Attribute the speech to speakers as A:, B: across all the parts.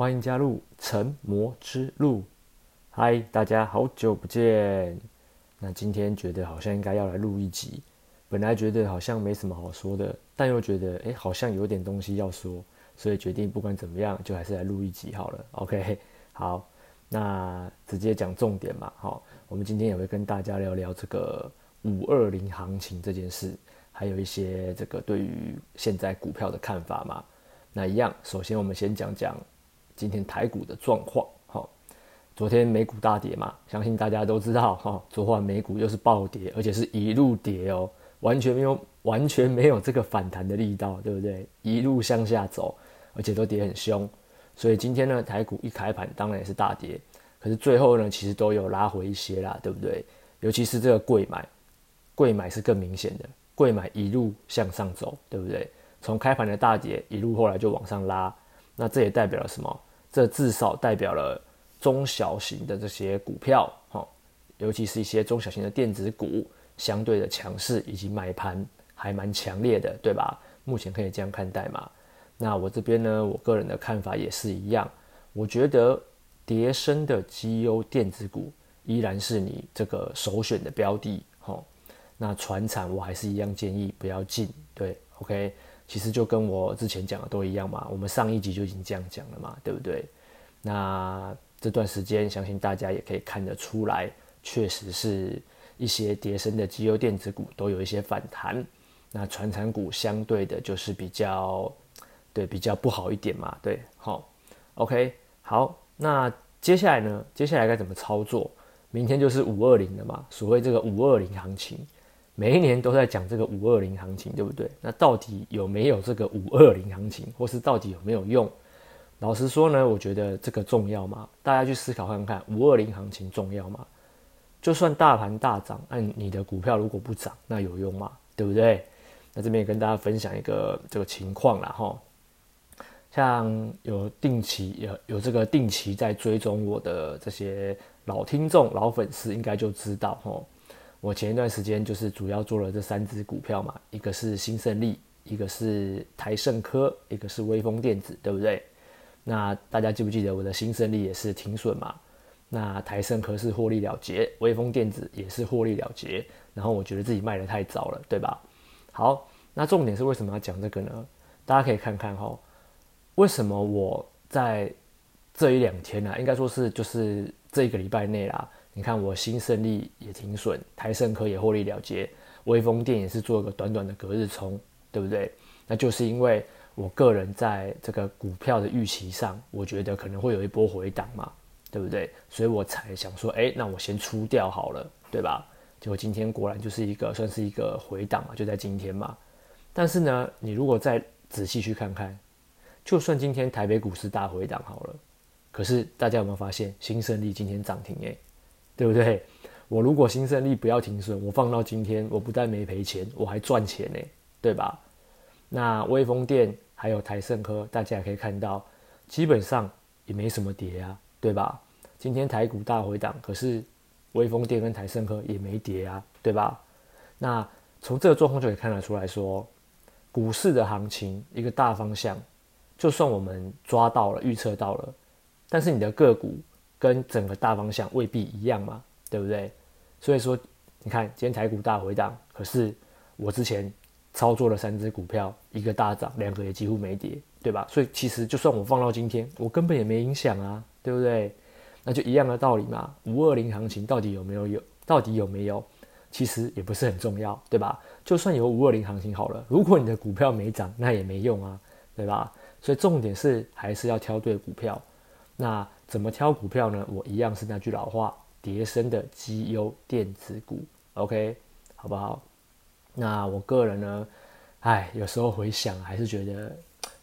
A: 歡迎加入成魔之路。嗨，大家好久不見。那今天覺得好像應該要來錄一集，本來覺得好像沒什麼好說的，但又覺得誒，好像有點東西要說，所以決定不管怎麼樣，就還是來錄一集好了。OK，好，那直接講重點嘛。好，我們今天也會跟大家聊聊這個520行情這件事，還有一些這個對於現在股票的看法嘛。那一樣，首先我們先講講。今天台股的狀況，齁，昨天美股大跌嘛，相信大家都知道，齁，昨晚美股又是暴跌，而且是一路跌哦，完全沒有完全沒有這個反彈的力道，對不對？一路向下走，而且都跌很兇，所以今天呢，台股一開盤當然也是大跌，可是最後呢，其實都有拉回一些啦，對不對？尤其是這個櫃買，櫃買是更明顯的，櫃買一路向上走，對不對？從開盤的大跌，一路後來就往上拉。那這也代表了什麼？這至少代表了中小型的這些股票，哈，尤其是一些中小型的電子股，相對的強勢以及買盤還蠻強烈的，對吧？目前可以這樣看待嘛？那我這邊呢，我個人的看法也是一樣，我覺得跌深的績優電子股依然是你這個首選的標的，哈。那傳產我還是一樣建議不要進，對，OK。其實就跟我之前講的都一樣嘛，我們上一集就已經這樣講了嘛，對不對？那這段時間，相信大家也可以看得出來，確實是一些跌深的績優電子股都有一些反彈，那傳產股相對的，就是比較，對，比較不好一點嘛，對，好，齁，OK，好，那接下來呢？接下來該怎麼操作？明天就是520了嘛，所謂這個520行情。每一年都在講這個520行情，對不對？那到底有沒有這個520行情，或是到底有沒有用？老實說呢，我覺得這個重要嗎？大家去思考看看，520行情重要嗎？就算大盤大漲，按你的股票如果不漲，那有用嗎？對不對？那這邊也跟大家分享一個這個情況啦，哈，像有定期有有這個定期在追蹤我的這些老聽眾、老粉絲，應該就知道吼，哈。我前一段時間就是主要做了這三隻股票嘛，一個是新勝利，一個是台勝科，一個是威風電子，對不對？那大家記不記得我的新勝利也是停損嘛？那台勝科是獲利了結，威風電子也是獲利了結，然後我覺得自己賣得太早了，對吧？好，那重點是為什麼要講這個呢？大家可以看看哈，為什麼我在這一兩天呢、啊，應該說是就是這一個禮拜內啦。你看，我新勝利也停損，台勝科也獲利了結，威風電也是做一個短短的隔日衝，對不對？那就是因為我個人在這個股票的預期上，我覺得可能會有一波回檔嘛，對不對？所以我才想說，哎、欸，那我先出掉好了，對吧？結果今天果然就是一個算是一個回檔嘛，就在今天嘛。但是呢，你如果再仔細去看看，就算今天台北股市大回檔好了，可是大家有沒有發現，新勝利今天漲停誒、欸。對不對？我如果新勝利不要停損，我放到今天，我不但沒賠錢，我還賺錢呢、欸，對吧？那微風電還有台勝科，大家也可以看到，基本上也沒什麼跌啊，對吧？今天台股大回檔，可是微風電跟台勝科也沒跌啊，對吧？那從這個狀況就可以看得出來說，股市的行情一個大方向，就算我們抓到了、預測到了，但是你的個股。跟整個大方向未必一樣嘛，對不對？所以說，你看今天台股大回檔，可是我之前操作了三隻股票，一個大漲，兩個也幾乎沒跌，對吧？所以其實就算我放到今天，我根本也沒影響啊，對不對？那就一樣的道理嘛。五二零行情到底有沒有有，到底有沒有，其實也不是很重要，對吧？就算有五二零行情好了，如果你的股票沒漲，那也沒用啊，對吧？所以重點是還是要挑對股票。那怎麼挑股票呢？我一樣是那句老話，跌深的績優電子股，OK，好不好？那我個人呢，哎，有時候回想還是覺得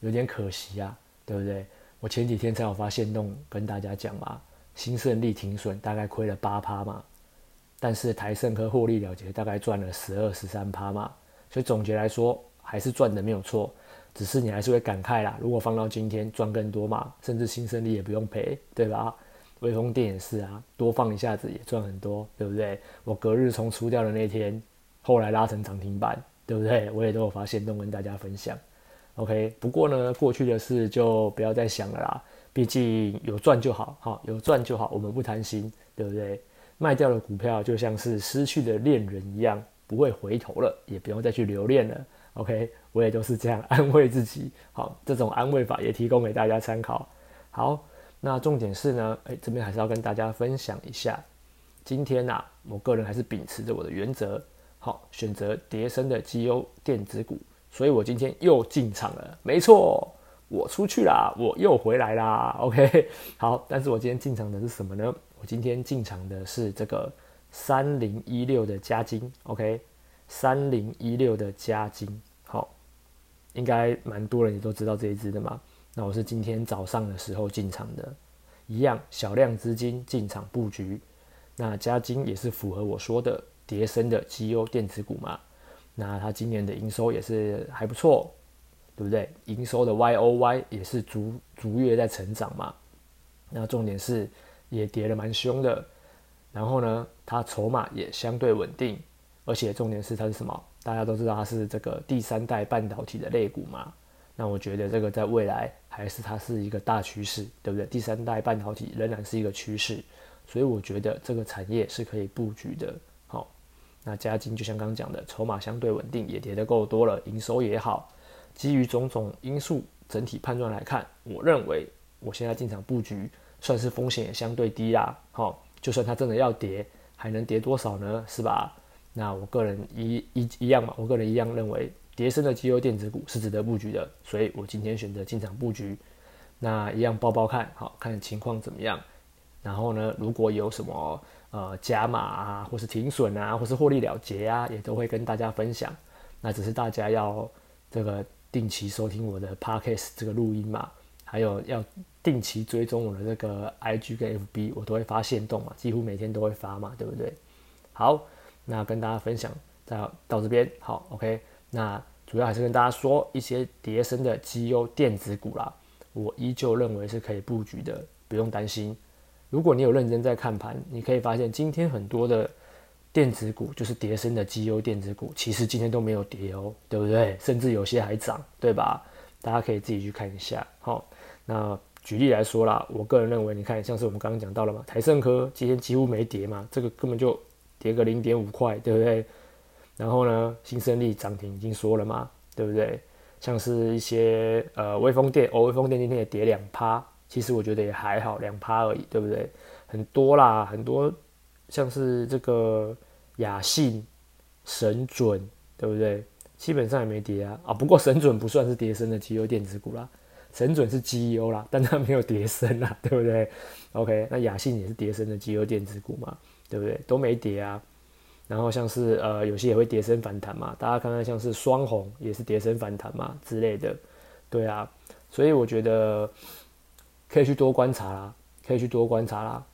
A: 有點可惜啊，對不對？我前幾天才有發限動跟大家講嘛，新勝利停損大概虧了八趴嘛，但是台勝科獲利了結大概賺了十二十三趴嘛，所以總結來說還是賺的沒有錯。只是你還是會感慨啦，如果放到今天賺更多嘛，甚至新生力也不用賠，對吧？微風電也是啊，多放一下子也賺很多，對不對？我隔日沖出掉的那天，後來拉成漲停板，對不對？我也都有發現，都跟大家分享。OK，不過呢，過去的事就不要再想了啦，畢竟有賺就好，好，有賺就好，我們不貪心，對不對？賣掉了股票就像是失去的戀人一樣，不會回頭了，也不用再去留戀了。OK，我也都是這樣安慰自己。好，這種安慰法也提供給大家參考。好，那重點是呢，哎、欸，這邊還是要跟大家分享一下。今天呢、啊，我個人還是秉持着我的原則，好，選擇跌深的績優電子股，所以我今天又進場了。沒錯，我出去啦，我又回來啦。OK，好，但是我今天進場的是什麼呢？我今天進場的是這個三零一六的嘉晶。OK。三零一六的嘉晶，好，應該蠻多人也都知道這一支的嘛。那我是今天早上的時候進場的，一樣小量資金進場布局。那嘉晶也是符合我說的跌深的績優電子股嘛。那它今年的營收也是還不錯，對不對？營收的 Y O Y 也是逐逐月在成長嘛。那重點是也跌得蠻凶的，然後呢，它籌碼也相對穩定。而且重點是它是什麼？大家都知道它是這個第三代半導體的類股嘛。那我覺得這個在未來還是它是一個大趨勢，對不對？第三代半導體仍然是一個趨勢，所以我覺得這個產業是可以布局的。好、哦，那嘉晶就像剛剛講的，籌碼相對穩定，也跌得夠多了，營收也好，基於種種因素，整體判斷來看，我認為我現在進場布局算是風險也相對低啦。好、哦，就算它真的要跌，還能跌多少呢？是吧？那我個人一一一,一樣嘛，我個人一樣認為跌深的績優電子股是值得布局的，所以我今天選擇進場布局。那一樣抱抱看好，看情況怎麼樣。然後呢，如果有什麼呃加碼啊，或是停損啊，或是獲利了結啊，也都會跟大家分享。那只是大家要這個定期收聽我的 podcast 這個錄音嘛，還有要定期追蹤我的這個 IG 跟 FB，我都會發限動嘛，幾乎每天都會發嘛，對不對？好。那跟大家分享，再到這邊好，OK。那主要還是跟大家說一些跌深的績優電子股啦，我依舊認為是可以布局的，不用擔心。如果你有認真在看盤，你可以發現今天很多的電子股，就是跌深的績優電子股，其實今天都沒有跌哦、喔，對不對？嗯、甚至有些還漲，對吧？大家可以自己去看一下。好，那舉例來說啦，我個人認為，你看像是我們剛剛講到了嘛，台勝科今天幾乎沒跌嘛，這個根本就。跌個零點五塊，對不對？然後呢，新勝利漲停已經說了嘛，對不對？像是一些呃微風電、歐、哦、風電今天也跌兩趴，其實我覺得也還好，兩趴而已，對不對？很多啦，很多，像是這個亞信、神準，對不對？基本上也沒跌啊啊，不過神準不算是跌升的 G E O 電子股啦，神準是 G E O 啦，但它沒有跌升啦，對不對？OK，那亞信也是跌升的 G E O 電子股嘛。對不對？都沒跌啊，然後像是呃有些也會跌深反彈嘛，大家看看像是雙鴻也是跌深反彈嘛之類的，對啊，所以我覺得可以去多觀察啦，可以去多觀察啦。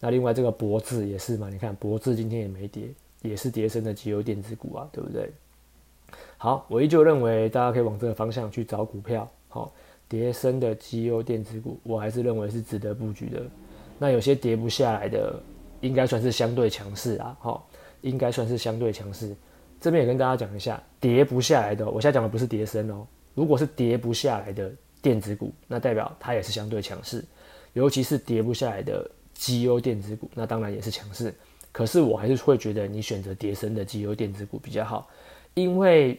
A: 那另外這個博智也是嘛，你看博智今天也沒跌，也是跌深的績優電子股啊，對不對？好，我依舊認為大家可以往這個方向去找股票，好、哦，跌深的績優電子股我還是認為是值得布局的。那有些跌不下來的。應該算是相對強勢啊，好、哦，應該算是相對強勢。這邊也跟大家講一下，跌不下來的，我現在講的不是跌深哦。如果是跌不下來的電子股，那代表它也是相對強勢，尤其是跌不下來的績優電子股，那當然也是強勢。可是我還是會覺得你選擇跌深的績優電子股比較好，因為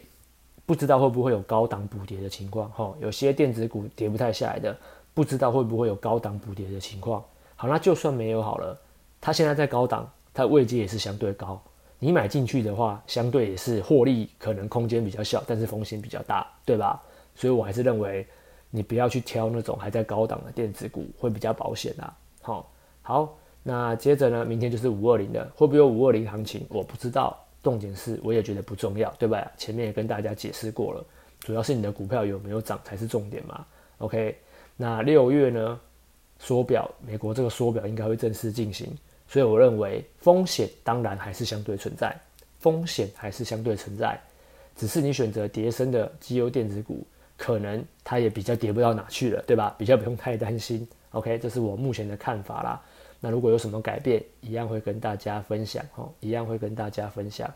A: 不知道會不會有高檔補跌的情況。哈、哦，有些電子股跌不太下來的，不知道會不會有高檔補跌的情況。好，那就算沒有好了。它現在在高檔，它的位置也是相對高。你買進去的話，相對也是獲利可能空間比較小，但是風險比較大，對吧？所以我還是認為你不要去挑那種還在高檔的電子股，會比較保險啦。好，好，那接着呢，明天就是五二零了，會不會有五二零行情？我不知道，重點是，我也覺得不重要，對吧？前面也跟大家解釋過了，主要是你的股票有沒有漲才是重點嘛。OK，那六月呢，縮表，美國這個縮表應該會正式進行。所以我認為風險當然還是相對存在，風險還是相對存在，只是你選擇跌深的績優電子股，可能它也比較跌不到哪去了，對吧？比較不用太擔心。OK，這是我目前的看法啦。那如果有什麼改變，一樣會跟大家分享哦，一樣會跟大家分享。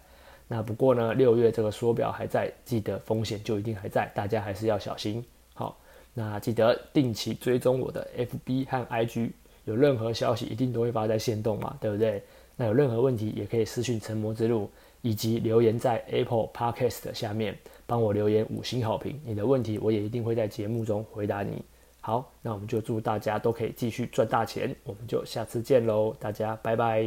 A: 那不過呢，六月這個縮表還在，記得風險就一定還在，大家還是要小心。好、哦，那記得定期追蹤我的 FB 和 IG。有任何消息一定都會發在限動嘛，對不對？那有任何問題也可以私訊《成魔之路》，以及留言在 Apple Podcast 下面，幫我留言五星好評。你的問題我也一定會在節目中回答你。好，那我們就祝大家都可以繼續賺大錢，我們就下次見嘍，大家拜拜。